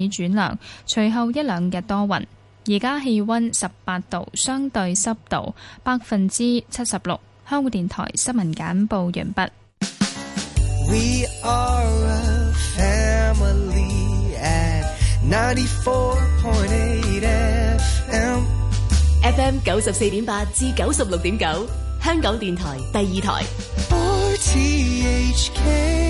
已轉涼，隨後一兩日多雲。而家氣溫十八度，相對濕度百分之七十六。香港電台新聞簡報完畢。FM 九十四點八至九十六點九，香港電台第二台。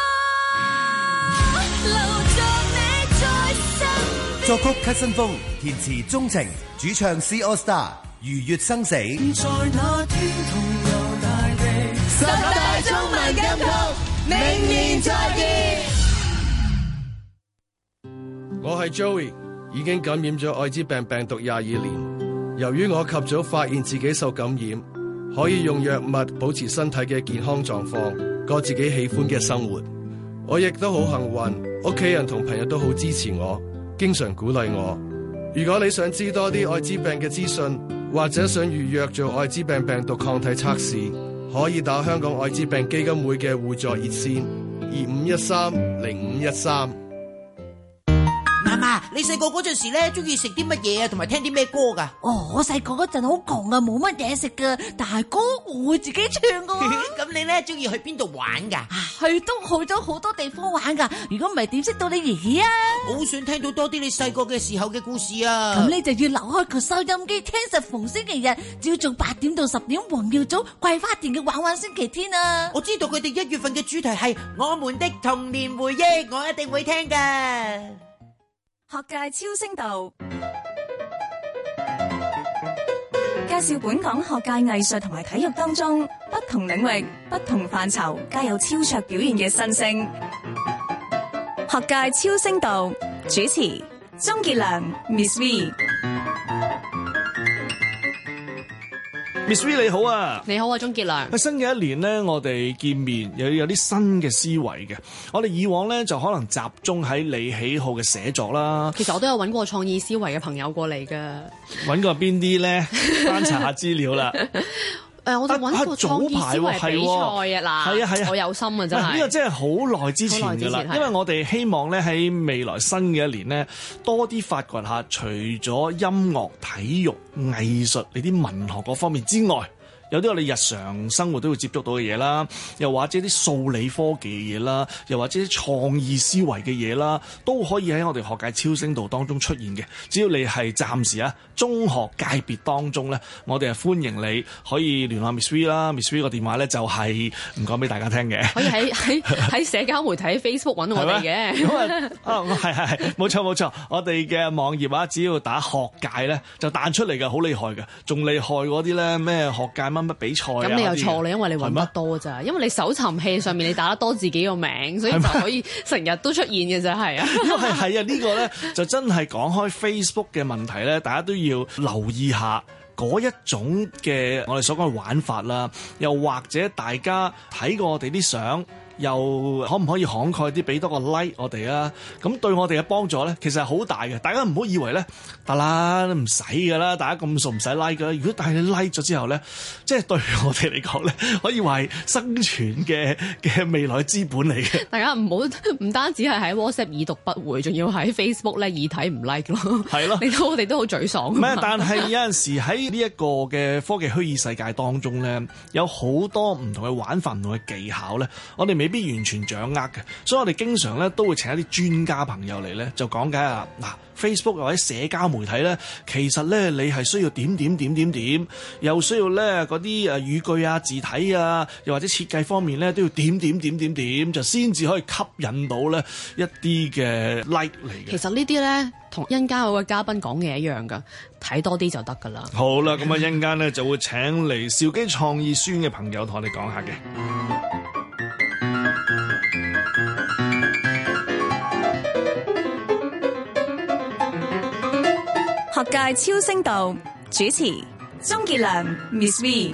作曲吸新風，填詞鍾情，主唱 C All Star，如月生死。在那天同遊大地，十大中文音樂明年再見。我係 Joey，已經感染咗艾滋病病毒廿二年。由於我及早發現自己受感染，可以用藥物保持身體嘅健康狀況，過自己喜歡嘅生活。我亦都好幸運，屋企人同朋友都好支持我。經常鼓勵我，如果你想知多啲艾滋病嘅資訊，或者想預約做艾滋病病毒抗體測試，可以打香港艾滋病基金會嘅互助熱線二五一三零五一三。媽媽，你細個嗰陣時咧，中意食啲乜嘢啊？同埋聽啲咩歌噶？哦，我細個嗰陣好窮啊，冇乜嘢食噶。但係歌我會自己唱噶、啊。咁、 嗯、你咧中意去邊度玩噶、啊？去都去咗好多地方玩噶。如果唔係，點識到你爺爺啊？好想聽到多啲你細個嘅時候嘅故事啊！咁、嗯、你就要留開個收音機，聽實逢星期日朝早八點到十點黃耀祖《桂花田嘅玩玩星期天》啊！我知道佢哋一月份嘅主題係我們的童年回憶，我一定會聽噶。學界超聲道，介紹本港學界藝術同埋體育當中不同領域、不同範疇皆有超卓表現嘅新星。學界超聲道主持鍾傑良、Miss V。Miss V 你好啊，你好啊，鍾傑良。新嘅一年咧，我哋見面又有啲新嘅思維嘅。我哋以往咧就可能集中喺你喜好嘅寫作啦。其實我都有揾過創意思維嘅朋友過嚟嘅，揾過邊啲咧？翻查下資料啦。 誒，我哋揾個早排喎，係嗱，係啊，係啊，我有心啊，真係呢個真係好耐之前噶啦，啊、因為我哋希望咧喺未來新嘅一年咧，多啲發掘下除咗音樂、體育、藝術呢啲文學嗰方面之外。有啲我哋日常生活都會接觸到嘅嘢啦，又或者啲數理科技嘅嘢啦，又或者啲創意思維嘅嘢啦，都可以喺我哋學界超聲度當中出現嘅。只要你係暫時啊，中學界別當中咧，我哋係歡迎你可以聯絡 Miss V 啦，Miss V 個電話咧就係唔講俾大家聽嘅。可以喺喺喺社交媒體 Facebook 揾我哋嘅。咁係，係，冇錯冇錯，我哋嘅網頁啊，只要打學界咧就彈出嚟嘅，好厲害嘅，仲厲害啲咧咩學界乜？乜比賽咁？啊、你又錯啦，些因為你揾得多咋，嗎因為你搜尋器上面你打得多自己個名，嗎所以就可以成日都出現嘅啫，係啊。因為係 啊，這個、呢個咧就真係講開 Facebook 嘅問題咧，大家都要留意下嗰一種嘅我哋所講嘅玩法啦，又或者大家睇過我哋啲相。又可唔可以慷慨啲俾多個 like 我哋啊？咁對我哋嘅幫助咧，其實係好大嘅。大家唔好以為咧，得啦唔使嘅啦，大家咁熟唔使 like 噶啦。如果但係你 like 咗之後咧，即係對我哋嚟講咧，可以話係生存嘅嘅未來嘅資本嚟嘅。大家唔好唔單止係喺 WhatsApp 已讀不回，仲要喺 Facebook 咧已睇唔 like 咯。係咯的， 你睇我哋都好沮喪。咩？但係有陣時喺呢一個嘅科技虛擬世界當中咧，有好多唔同嘅玩法、唔同嘅技巧咧，我哋未必完全掌握嘅，所以我哋經常咧都會請一啲專家朋友嚟咧，就講解啊嗱，呃，Facebook 又或者社交媒體咧，其實咧你係需要點點點點點，又需要咧嗰啲誒語句啊、字體啊，又或者設計方面咧，都要點點點點點，就先至可以吸引到咧一啲嘅 like 嚟嘅。其實呢啲咧同陣間我嘅嘉賓講嘅一樣噶，睇多啲就得噶啦。好啦，咁啊，陣間咧就會請嚟兆基創意書院嘅朋友同我哋講下嘅。 界超聲道主持鍾傑良 Miss V，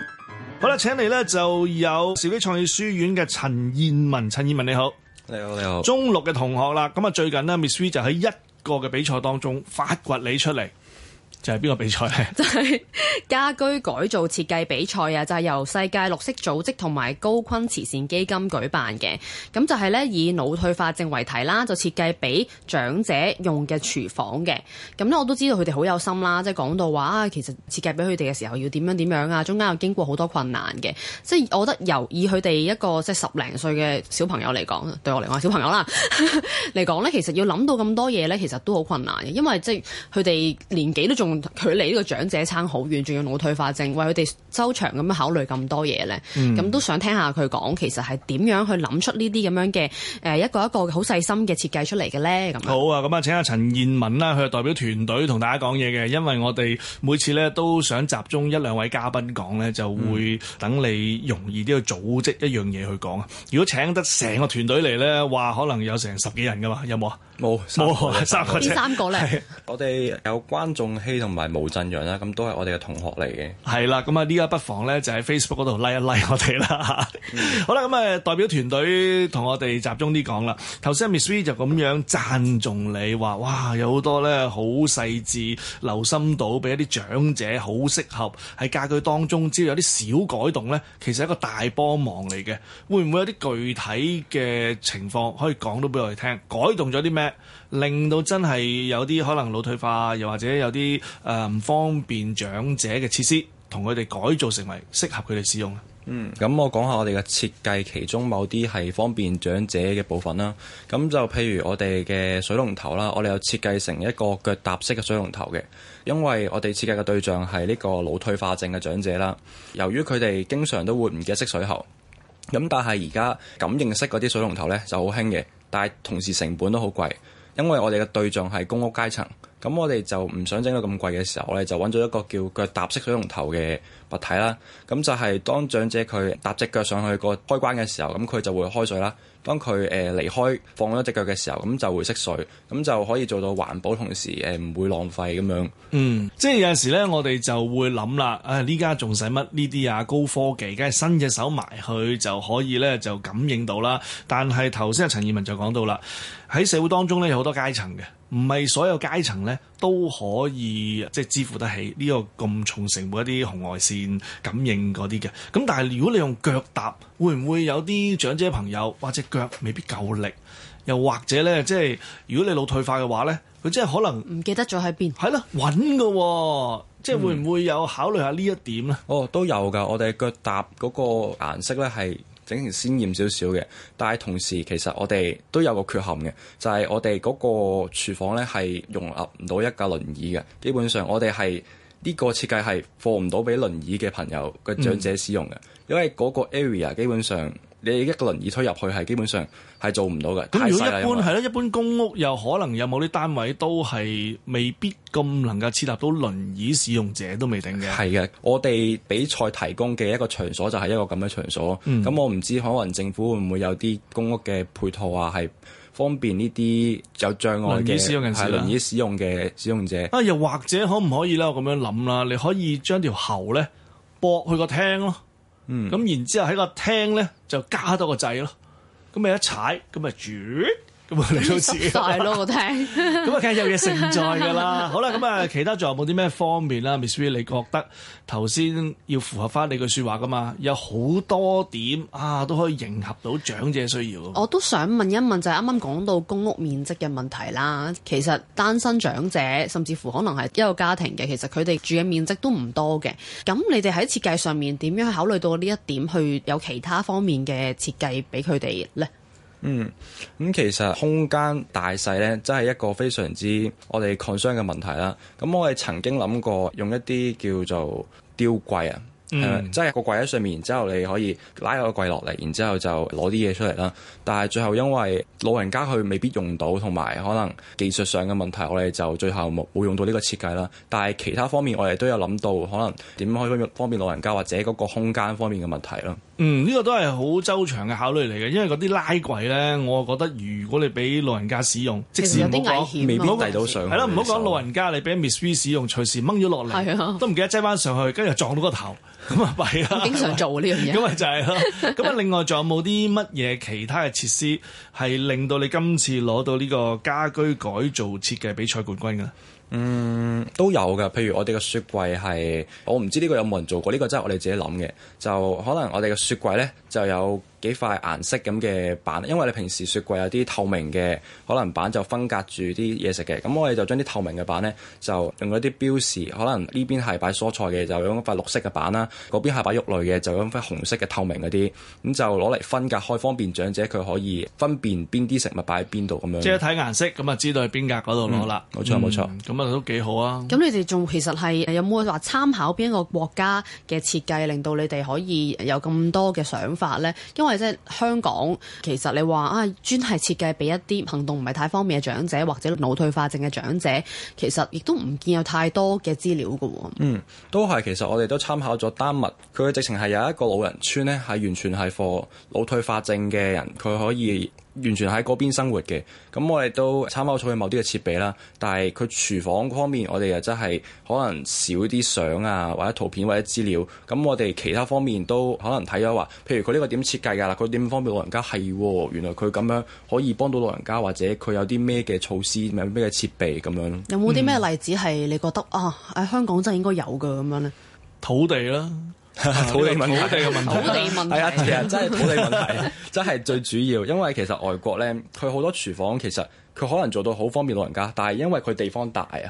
好啦，請嚟咧就有兆基創意書院嘅陳彥文，陳彥文你好，你好，你好你好，中六嘅同學啦，咁啊最近呢 Miss V 就喺一個嘅比賽當中發掘你出嚟。就係邊個比賽咧？就係 家居改造設計比賽啊！就係、是、由世界綠色組織同埋高坤慈善基金舉辦嘅。咁就係咧，以腦退化症為題啦，就設計俾長者用嘅廚房嘅。咁咧，我都知道佢哋好有心啦。即係講到話啊，其實設計俾佢哋嘅時候要點樣點樣啊？中間又經過好多困難嘅。即係我覺得由以佢哋一個即係十零歲嘅小朋友嚟講，對我嚟講小朋友啦嚟講咧，其實要諗到咁多嘢咧，其實都好困難嘅。因為即係佢哋年紀都仲～佢離呢個長者差好遠，仲要腦退化症，為佢哋周詳咁樣考慮咁多嘢咧，咁、嗯、都想聽下佢講，其實係點樣去諗出呢啲咁樣嘅誒，一個一個好細心嘅設計出嚟嘅咧，咁。好啊，咁啊，請阿陳彥文啦，佢係代表團隊同大家講嘢嘅，因為我哋每次咧都想集中一兩位嘉賓講咧，就會等你容易啲去組織一樣嘢去講啊。嗯、如果請得成個團隊嚟咧，話可能有成十幾人噶嘛，有冇啊？冇，冇，三個啫。邊三個咧？我哋有關仲希同埋毛振陽啦，咁都係我哋嘅同學嚟嘅。係啦，咁啊，呢家不妨咧就喺 Facebook 嗰度 like 一 like 我哋啦。好啦，咁啊，代表團隊同我哋集中啲講啦。頭先 Ms V 就咁樣讚頌你，話哇有好多咧好細緻，留心到俾一啲長者好適合喺家居當中，只要有啲小改動咧，其實係一個大幫忙嚟嘅。會唔會有啲具體嘅情況可以講到俾我哋聽？改動咗啲咩？令到真係有啲可能腦退化，又或者有啲誒唔方便長者嘅設施，同佢哋改造成為適合佢哋使用。嗯，咁我講下我哋嘅設計，其中某啲係方便長者嘅部分啦。咁就譬如我哋嘅水龍頭啦，我哋有設計成一個腳踏式嘅水龍頭嘅，因為我哋設計嘅對象係呢個腦退化症嘅長者啦。由於佢哋經常都會唔記得熄水喉。咁但係而家感應式嗰啲水龍頭呢就好興嘅，但係同時成本都好貴，因為我哋嘅對象係公屋階層。咁我哋就唔想整到咁貴嘅時候，我就揾咗一個叫腳踏式水龍頭嘅物體啦。咁就係當長者佢踏隻腳上去個開關嘅時候，咁佢就會開水啦。當佢誒離開放咗隻腳嘅時候，咁就會熄水。咁就可以做到環保，同時誒唔會浪費咁樣。嗯，即係有陣時呢，我哋就會諗啦。啊，呢家仲使乜呢啲啊？高科技，梗係伸隻手埋去就可以呢，就感應到啦。但係頭先阿陳彥文就講到啦，喺社會當中呢，有好多階層嘅。唔係所有階層咧都可以即係支付得起呢，這個咁重成本一啲紅外線感應嗰啲嘅。咁但係如果你用腳踏，會唔會有啲長者朋友或者腳未必夠力，又或者咧即係如果你腦退化嘅話咧，佢真係可能唔記得咗喺邊？係囉，揾㗎，即係會唔會有考慮下呢一點咧，嗯？哦，都有㗎。我哋腳踏嗰個顏色咧係。整件鮮艷少少嘅，但係同時其實我哋都有個缺陷嘅，就係、是、我哋嗰個廚房呢係容納唔到一架輪椅嘅。基本上我哋係呢個設計係放唔到俾輪椅嘅朋友嘅長者使用嘅，嗯、因為嗰個 area 基本上。你一個輪椅推入去係基本上係做唔到嘅。咁如果一般係囉，一般公屋又可能有冇啲單位都係未必咁能夠設立到輪椅使用者都未定嘅。係嘅，我哋比賽提供嘅一個場所就係一個咁嘅場所。咁、嗯、我唔知可能政府會唔會有啲公屋嘅配套啊，係方便呢啲有障礙嘅，係輪椅使用嘅的使，使用者。啊，又或者可唔可以呢？我咁樣諗啦，你可以將條喉咧駁去個廳咯。嗯，咁然之後喺個廳咧就加多個掣咯，咁咪一踩，咁咪煮。咁啊，你好似快咯！我聽咁啊，梗 係有嘢盛載噶啦。好啦，咁、嗯、啊， 其他仲有冇啲咩方面啦？Ms V 你覺得頭先要符合翻你句説話噶嘛？有好多點啊，都可以迎合到長者需要。我都想問一問，就係啱啱講到公屋面積嘅問題啦。其實單身長者，甚至乎可能係一個家庭嘅，其實佢哋住嘅面積都唔多嘅。咁你哋喺設計上面點樣去考慮到呢一點，去有其他方面嘅設計俾佢哋咧？嗯，咁其實空間大細咧，真係一個非常之我哋 concern 嘅問題啦。咁我哋曾經諗過用一啲叫做雕櫃啊。誒，即係、就是、個櫃喺上面，然之後你可以拉個櫃落嚟，然之後就攞啲嘢出嚟啦。但係最後因為老人家佢未必用到，同埋可能技術上嘅問題，我哋就最後冇冇用到呢個設計啦。但係其他方面，我哋都有諗到，可能點樣可以方便老人家或者嗰個空間方面嘅問題啦。嗯，呢、這個都係好周詳嘅考慮嚟嘅，因為嗰啲拉櫃咧，我覺得如果你俾老人家使用，有啊、即使時冇講，危險啊、未必遞到上係。係咯，唔好講老人家你俾 Ms V 使用，隨時掹咗落嚟， 都唔記得掙翻上去，跟住撞，撞到個頭。 咁啊弊啊！經常做呢樣嘢，咁啊 就係、就、咯、是。咁啊，另外仲有冇啲乜嘢其他嘅設施係令到你今次攞到呢個家居改造設計比賽冠軍嘅？嗯，都有嘅。譬如我哋嘅雪櫃係，我唔知呢個有冇人做過。呢、呢個真係我哋自己諗嘅。就可能我哋嘅雪櫃咧就有，幾塊顏色咁嘅板，因為你平時雪櫃有啲透明嘅，可能板就分隔住啲嘢食嘅。咁我哋就將啲透明嘅板呢，就用一啲標示，可能呢邊係擺蔬菜嘅，就用一塊綠色嘅板啦；嗰邊係擺肉類嘅，就用一塊紅色嘅透明嗰啲。咁就攞嚟分隔開，方便長者佢可以分辨邊啲食物擺喺邊度咁樣。即係睇顏色咁啊，就知道喺邊格嗰度攞啦。冇錯冇錯，咁啊都幾好啊。咁你哋仲其實係有冇話參考邊一個國家嘅設計，令到你哋可以有咁多嘅想法呢？因為即係香港，其實你話啊，專係設計俾一啲行動唔係太方便嘅長者，或者腦退化症嘅長者，其實亦都唔見有太多嘅資料㗎喎。嗯，都係，其實我哋都參考咗丹麥，佢嘅直情係有一個老人村咧，係完全係 for 腦退化症嘅人，佢可以，完全喺嗰邊生活嘅，咁我哋都參考咗佢某啲嘅設備啦。但係佢廚房方面，我哋又真係可能少啲相啊，或者圖片或者資料。咁我哋其他方面都可能睇咗話，譬如佢呢個點設計㗎啦，佢點方便老人家係喎。原來佢咁樣可以幫到老人家，或者佢有啲咩嘅措施，有咩嘅設備咁樣。有冇啲咩例子係你覺得、嗯、啊？喺香港真係應該有嘅咁樣呢？土地啦。土地問題，土地問題，係啊，其實真係土地問題，其實真係 最主要。因為其實外國咧，佢好多廚房，其實佢可能做到好方便老人家，但係因為佢地方大啊，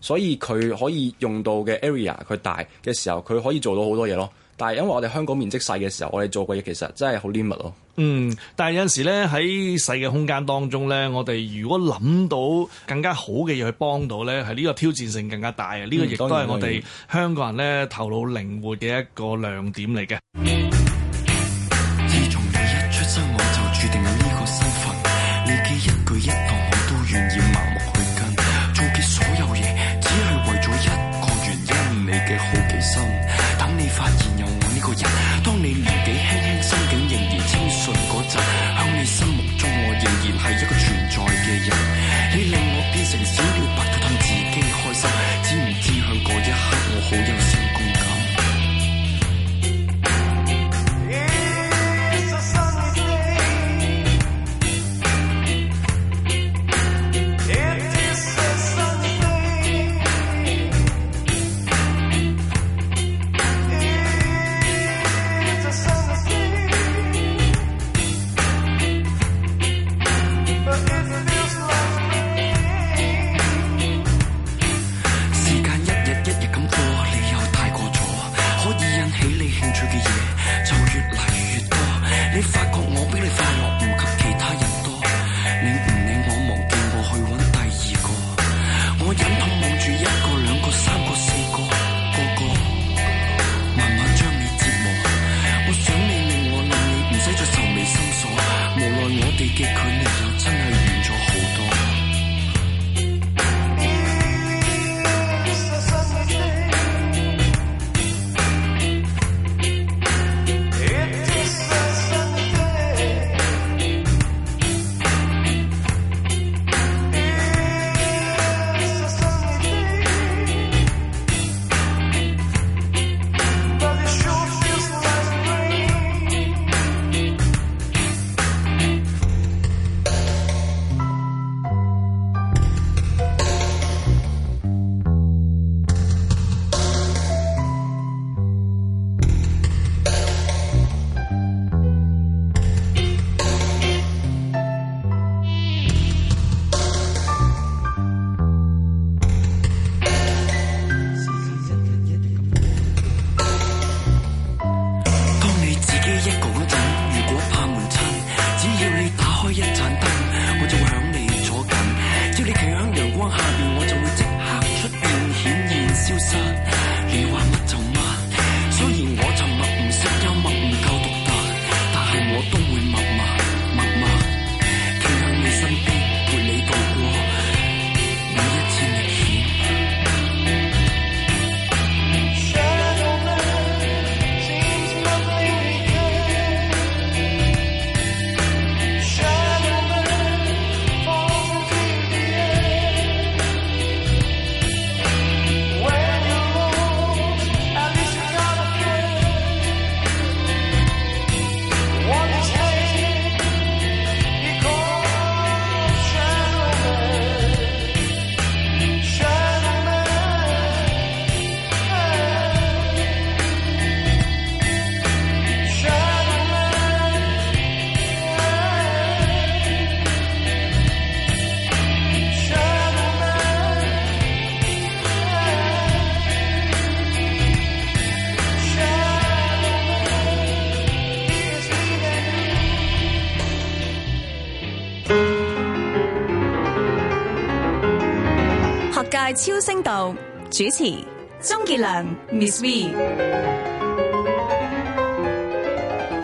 所以佢可以用到嘅 area 佢大嘅時候，佢可以做到好多嘢咯。但係因為我哋香港面積細嘅時候，我哋做嘅嘢其實真係好 limit 咯。嗯，但係有陣時咧，喺細嘅空間當中咧，我哋如果諗到更加好嘅嘢去幫到咧，係呢個挑戰性更加大嘅。呢個亦都係我哋香港人咧，頭腦靈活嘅一個亮點嚟嘅。嗯 度主持鍾傑良、Miss V，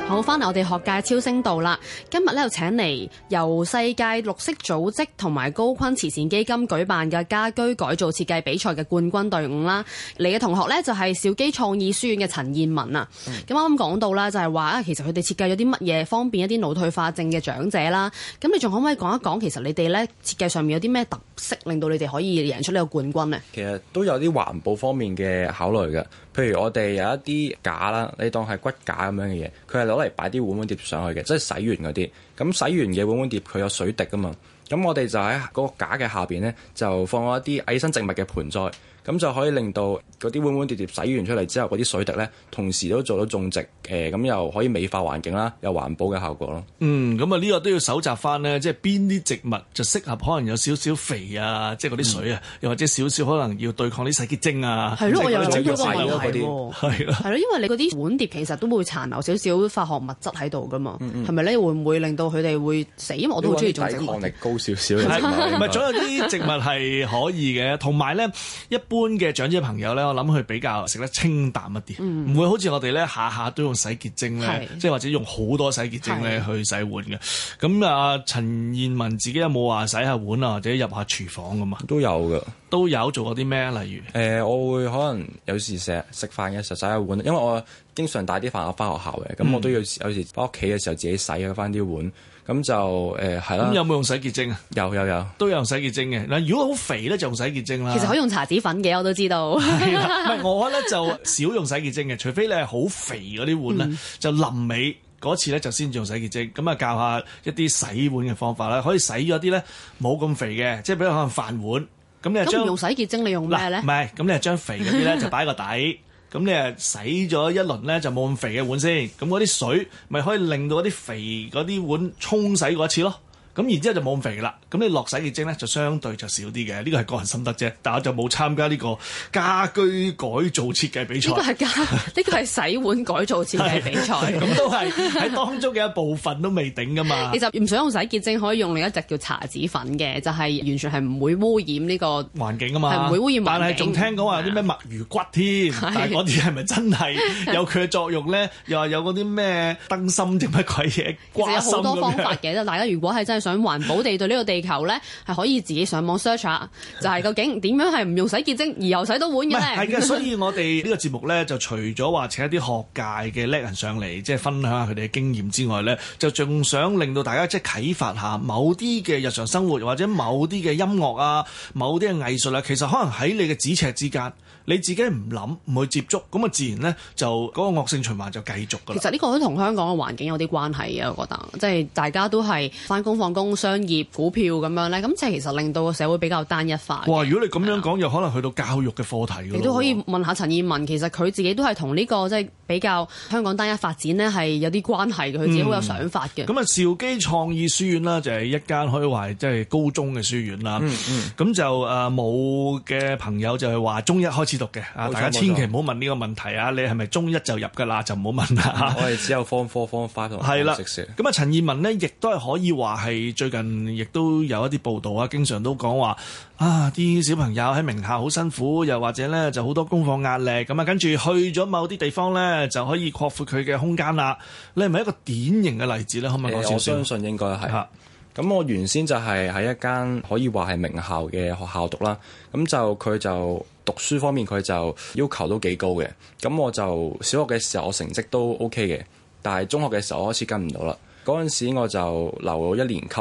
好翻嚟我哋學界超聲道啦！今日咧就請嚟由世界綠色組織同埋高坤慈善基金舉辦嘅家居改造設計比賽嘅冠軍隊伍啦！嚟嘅同學咧就係兆基創意書院嘅陳燕文啊！咁啱啱講到啦，就係話啊，其實佢哋設計咗啲乜嘢方便一啲腦退化症嘅長者啦！咁你仲可唔可以講一講，其實你哋咧設計上面有啲咩特別？識令到你哋可以贏出呢個冠軍咧。其實都有啲環保方面嘅考慮嘅，譬如我哋有一啲架啦，你當係骨架咁樣嘅嘢，佢係攞嚟擺啲碗碗碟上去嘅，即係洗完嗰啲。咁洗完嘅碗碗碟佢有水滴噶嘛，咁我哋就喺嗰個架嘅下邊呢，就放咗一啲矮生植物嘅盆栽。咁就可以令到嗰啲碗碗碟碟洗完出嚟之後，嗰啲水滴咧，同時都做到種植，誒、呃、咁又可以美化環境啦，又環保嘅效果咯。嗯，咁啊呢個都要搜集翻呢，即係邊啲植物就適合可能有少少肥啊，即係嗰啲水啊，又、嗯、或者少少可能要對抗啲洗潔精啊。係咯的，我又諗到嗰個問題係咯。係咯，因為你嗰啲碗碟其實都會殘留少少，少化學物質喺度噶嘛，係咪咧？嗯、係咪呢會唔會令到佢哋會死？因為我都好中意種植抗力高少少。係咪？唔係，總有啲植物係可以嘅，同埋咧一。般嘅長者朋友咧，我諗佢比較食得清淡一啲，唔、嗯、會好似我哋咧下下都用洗潔精咧，即係是或者用好多洗潔精咧是去洗碗嘅。咁啊、呃，陳彥文自己有冇話洗下碗啊，或者入下廚房咁啊？都有㗎，都有做過啲咩啊？例如誒、呃，我會可能有時食食飯嘅時候洗下碗，因為我經常帶啲飯盒翻學校嘅，咁、嗯、我都要有時翻屋企嘅時候自己洗翻啲碗。咁就誒係啦。咁、呃、有冇用洗潔精啊？有有有，都有用洗潔精嘅。嗱，如果好肥咧，就用洗潔精啦。其實可以用茶籽粉嘅，我都知道。 我咧就少用洗潔精嘅，除非你係好肥嗰啲碗咧，嗯、就臨尾嗰次咧就先用洗潔精。咁啊教一下一啲洗碗嘅方法啦，可以洗咗啲咧冇咁肥嘅，即係比如可能飯碗咁咧。咁用洗潔精你用咩咧？唔係，咁你係將肥嗰啲咧就擺個底。 咁你呀洗咗一輪咧，就冇咁肥嘅碗先。咁嗰啲水咪可以令到嗰啲肥嗰啲碗沖洗過一次咯。咁然之後就冇咁肥啦，咁你落洗潔精咧就相對就少啲嘅，呢、這個係個人心得啫。但係我就冇參加呢個家居改造設計比賽。呢個係家，呢 個係洗碗改造設計比賽。 咁、就是、 都係喺當中嘅一部分都未頂噶嘛。其實唔想用洗潔精，可以用另一隻叫茶籽粉嘅，就係、是、完全係唔會污染呢、這個環境啊嘛。唔會污染環境。但係仲聽講話啲咩墨魚骨添，是但嗰啲係咪真係有佢嘅作用咧？ 又話有嗰啲咩燈芯啲乜鬼嘢？其實有好多方法嘅， 大家如果係真係想。想環保地對呢個地球呢，係可以自己上網 search 下，就係究竟點樣係唔用洗潔精而又洗到碗嘅咧？係嘅，所以我哋呢個節目呢，就除咗話請一啲學界嘅叻人上嚟，即係分享下佢哋嘅經驗之外呢，就仲想令到大家即係啟發下某啲嘅日常生活或者某啲嘅音樂啊、某啲嘅藝術啊，其實可能喺你嘅咫尺之間。你自己唔諗唔去接觸，咁啊自然咧就嗰、那個惡性循環就繼續噶啦。其實呢個都同香港嘅環境有啲關係嘅，我覺得，即係大家都係返工放工、商業股票咁樣咧，咁即係其實令到個社會比較單一化。哇！如果你咁樣講，的又可能去到教育嘅課題。你都可以問下陳彥文，其實佢自己都係同呢個即係比較香港單一發展咧，係有啲關係嘅。佢自己好有想法嘅。咁啊、嗯，兆、嗯、基創意書院啦，就係、是、一間可以話係即係高中嘅書院啦、嗯。嗯咁就誒冇嘅朋友就係話中一開始。讀嘅啊！大家千祈唔好問呢個問題啊！錯你係咪中一就入噶啦？就唔好問啦、嗯、 我哋只有 form four form five 同。係啦，咁啊，陳彥文呢，亦都係可以話係最近，亦都有一啲報道啊，經常都講話啊，啲小朋友喺名校好辛苦，又或者咧就好多功課壓力咁啊，跟住去咗某啲地方咧就可以擴闊佢嘅空間啦。你係咪一個典型嘅例子咧？可唔可以講、呃、先我相信應該係吓。咁的我原先就係喺一間可以話係名校嘅學校讀啦，咁就佢就。讀書方面佢就要求都幾高嘅，咁我就小學嘅時候我成績都 OK 嘅，但係中學嘅時候我開始跟唔到啦。嗰陣時我就留咗一年級，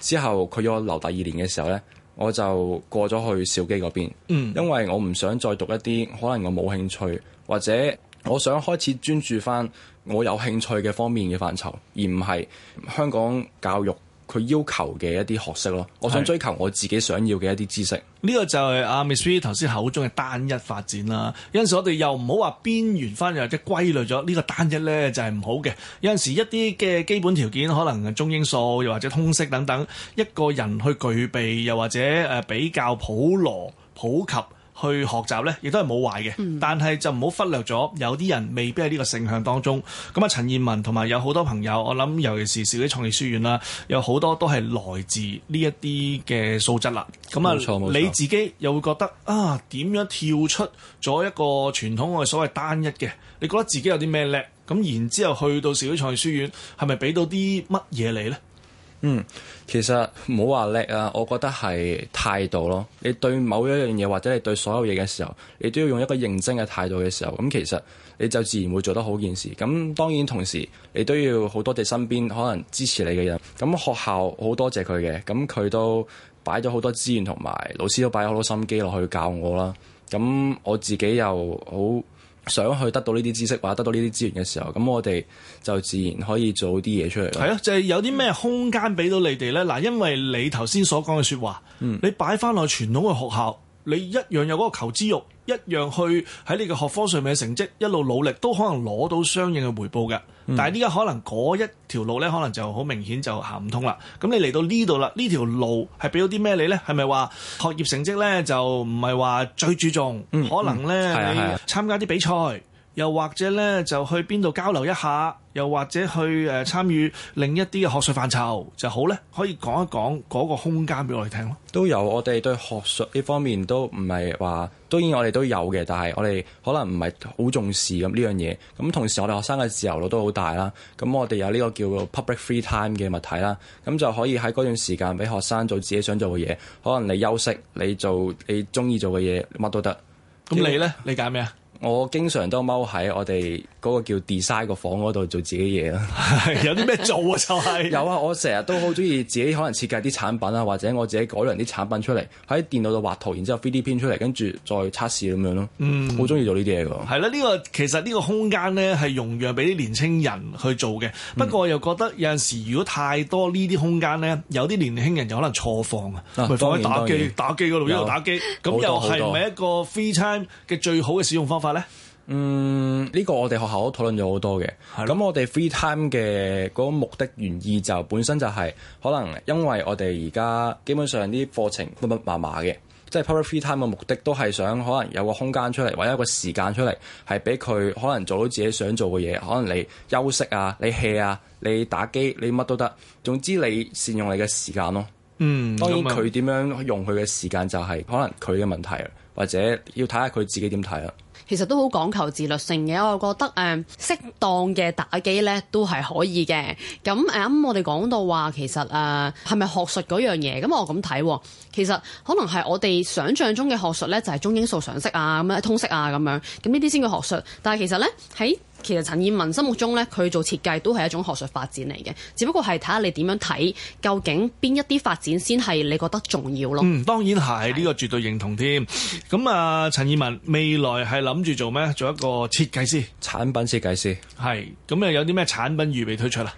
之後佢要我留第二年嘅時候呢，我就過咗去兆基嗰邊，嗯、因為我唔想再讀一啲可能我冇興趣，或者我想開始專注返我有興趣嘅方面嘅範疇，而唔係香港教育。佢要求嘅一啲學識咯，我想追求我自己想要嘅一啲知識。呢、這個就係阿 Miss V 頭先口中嘅單一發展啦。有陣時我哋又唔好話邊緣翻又或者歸類咗呢、這個單一咧，就係、是、唔好嘅。有陣時一啲嘅基本條件，可能係中英數又或者通識等等，一個人去具備又或者誒比較普羅普及。去學習呢，亦都係冇壞嘅，嗯、但係就唔好忽略咗有啲人未必係呢個性向當中咁啊。陳彥文同埋有好多朋友，我諗尤其是兆基創意書院啦，有好多都係來自呢一啲嘅素質啦。咁啊，你自己又會覺得啊，點樣跳出咗一個傳統我哋所謂單一嘅？你覺得自己有啲咩叻？咁然之後去到兆基創意書院，係咪俾到啲乜嘢你呢？嗯，其實唔好話叻啊，我覺得係態度咯。你對某一樣嘢，或者你對所有嘢嘅時候，你都要用一個認真嘅態度嘅時候，咁其實你就自然會做得好件事。咁當然同時，你都要好多謝身邊可能支持你嘅人。咁學校好多謝佢嘅，咁佢都擺咗好多資源同埋老師都擺咗好多心機落去教我啦。咁我自己又好，想去得到呢啲知識或者得到呢啲資源嘅時候，咁我哋就自然可以做啲嘢出嚟。係啊，就係、是、有啲咩空間俾到你哋呢？嗱，因為你頭先所講嘅説話，嗯、你擺翻落傳統嘅學校，你一樣有嗰個求知欲，一樣去喺你嘅學科上面嘅成績一路努力，都可能攞到相應嘅回報㗎。但係呢家可能嗰一條路咧，可能就好明顯就行唔通啦。咁你嚟到呢度啦，呢條路係俾咗啲咩你咧？係咪話學業成績咧就唔係話最注重？嗯、可能咧、嗯啊啊、你參加啲比賽。又或者咧就去邊度交流一下，又或者去誒、呃、參與另一啲嘅學術範疇就好咧，可以講一講嗰個空間俾我哋聽咯。都有，我哋對學術呢方面都唔係話，當然我哋都有嘅，但係我哋可能唔係好重視咁呢樣嘢。咁同時我哋學生嘅自由度都好大啦。咁我哋有呢個叫做 public free time 嘅物體啦，咁就可以喺嗰段時間俾學生做自己想做嘅嘢。可能你休息，你做你中意做嘅嘢，乜都得。咁你咧，你揀咩啊？我經常都踎喺我哋嗰個叫 design 個房嗰度做自己嘢咯，有啲咩做啊？就係有啊！我成日都好中意自己可能設計啲產品啊，或者我自己改良啲產品出嚟，喺電腦度畫圖，然之後 3D print 出嚟，跟住再測試咁樣咯。嗯，好中意做呢啲嘢㗎。係咯，呢個其實呢個空間咧係容讓俾啲年輕人去做嘅，不過我又覺得有陣時如果太多呢啲空間咧，有啲年輕人就可能錯放啊，咪放喺打機打機嗰度，一度打機，咁又係咪一個 free time 嘅最好嘅使用方法？咧，嗯，呢個我哋學校都討論咗好多嘅。咁的我哋 free time 嘅嗰個目的原意就本身就係可能，因為我哋而家基本上啲課程密密麻麻嘅，即係 power free time 嘅目的都係想可能有個空間出嚟，或者有個時間出嚟，係俾佢可能做到自己想做嘅嘢。可能你休息啊，你 hea 啊，你打機，你乜都得。總之，你善用你嘅時間咯。嗯，當然佢點麼樣用佢嘅時間就係可能佢嘅問題啦，或者要睇下佢自己點睇啦。其實都好講求自律性嘅，我覺得誒、嗯、適當嘅打機呢都係可以嘅。咁誒、嗯、我哋講到話其實誒係咪學術嗰樣嘢？咁我咁睇喎，其實，呃是是啊、其實可能係我哋想象中嘅學術呢，就係、是、中英數常識啊、咁樣通識啊咁樣，咁呢啲先叫學術。但係其實呢。喺。其實陳彥文心目中咧，佢做設計都係一種學術發展嚟嘅，只不過係睇下你點樣睇，究竟邊一啲發展先係你覺得重要咯？嗯，當然係呢個絕對認同添。咁啊，陳彥文未來係諗住做咩？做一個設計師，產品設計師。係咁啊，有啲咩產品預備推出啊？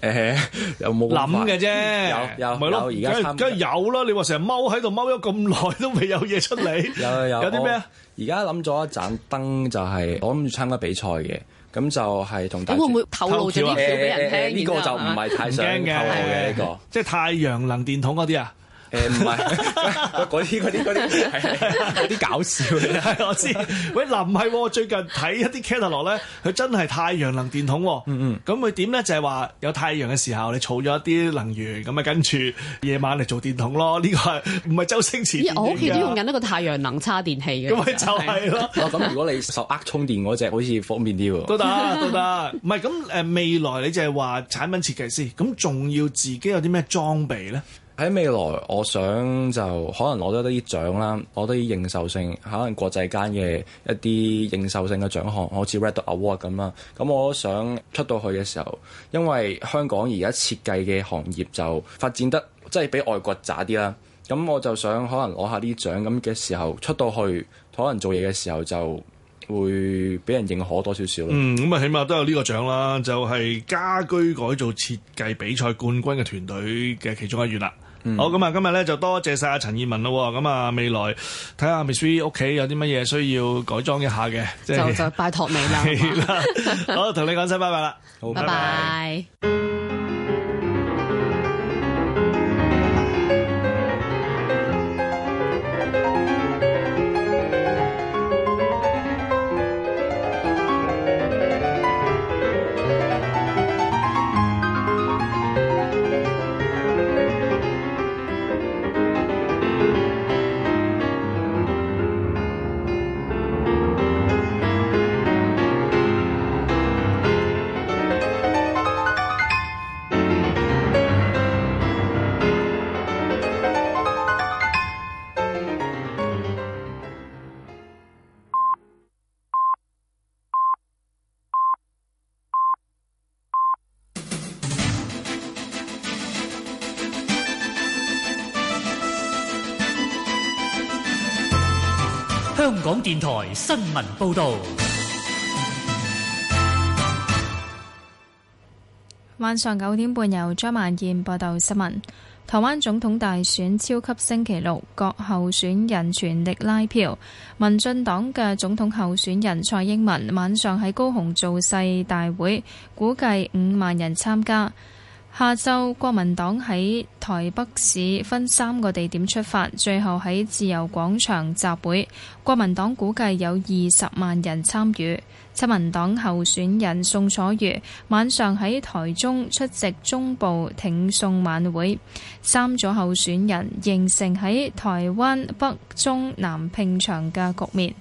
誒，有冇諗嘅啫？有有咪咯？而家梗係有啦！你話成日踎喺度踎咗咁耐都未有嘢出嚟？有有有啲咩啊？而家諗咗一盞燈，就係我諗住參加比賽嘅。咁就係同大家透露咗啲嘢俾人聽，而家唔驚嘅呢個， 即係太陽能電筒嗰啲啊。誒，唔係，嗰啲嗰啲嗰啲有啲搞笑嘅，我知。喂，林，唔係，最近睇一啲 catalog 咧，佢真係太陽能電筒。嗯嗯，咁佢點咧就係話有太陽嘅時候，你儲咗一啲能源，咁啊跟住夜晚嚟做電筒咯。呢個係唔係周星馳？我屋企都用緊一個太陽能叉電器嘅。咁咪就係咯。咁如果你手呃充電嗰隻，好似方便啲喎。都得，都得。唔係，咁誒未來你就係話產品設計師，咁仲要自己有啲咩裝備咧？喺未來，我想就可能攞多啲獎啦，攞多啲認受性，可能國際間嘅一啲認受性嘅獎項，好似 Red Dot Award 咁啦。咁我想出到去嘅時候，因為香港而家設計嘅行業就發展得即係比外國渣啲啦。咁我就想可能攞下啲獎咁嘅時候，出到去可能做嘢嘅時候就會俾人認可多少少咯。嗯，咁啊，起碼都有呢個獎啦，就係家居改造設計比賽冠軍嘅團隊嘅其中一員啦。嗯、好咁啊！今日咧就多謝晒阿陳彥文咯。咁啊，未來睇下 Miss V 屋企有啲乜嘢需要改裝一下嘅，就就拜託你啦。 好，同你講聲拜拜啦。好，拜拜。電台新聞報道，晚上九點半由張萬燕報道新聞。台灣總統大選超級星期六，各候選人全力拉票。民進黨嘅總統候選人蔡英文晚上喺高雄造勢大會，估計五萬人參加。下晝，國民黨喺台北市分三個地點出發，最後喺自由廣場集會。國民黨估計有二十萬人參與。親民黨候選人宋楚瑜晚上喺台中出席中部挺宋晚會，三組候選人形成喺台灣北中南拼場嘅局面。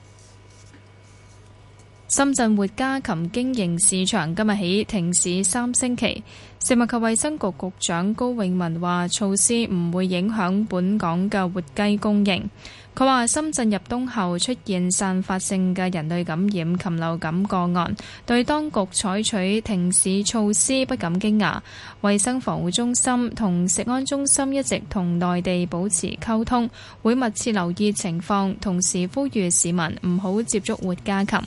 深圳活家禽經營市場今日起停市三星期。食物及衛生局局長高永文話：措施唔會影響本港嘅活雞供應。佢話：深圳入冬後出現散發性嘅人類感染禽流感個案，對當局採取停市措施不感驚訝。衛生防護中心同食安中心一直同內地保持溝通，會密切留意情況，同時呼籲市民唔好接觸活家禽。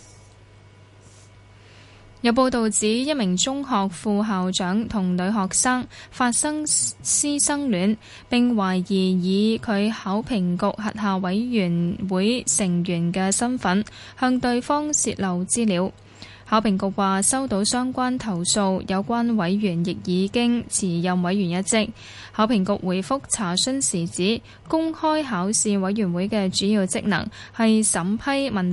有報道指一名中學副校長同女學生發生師生戀，並懷疑以佢考評局核下委員會成員嘅身份向對方泄漏資料。考評局話收到相關投訴，有關委員亦已經辭任委員一職。考評局回覆查詢時指，公開考試委員會嘅主要職能係審批問題。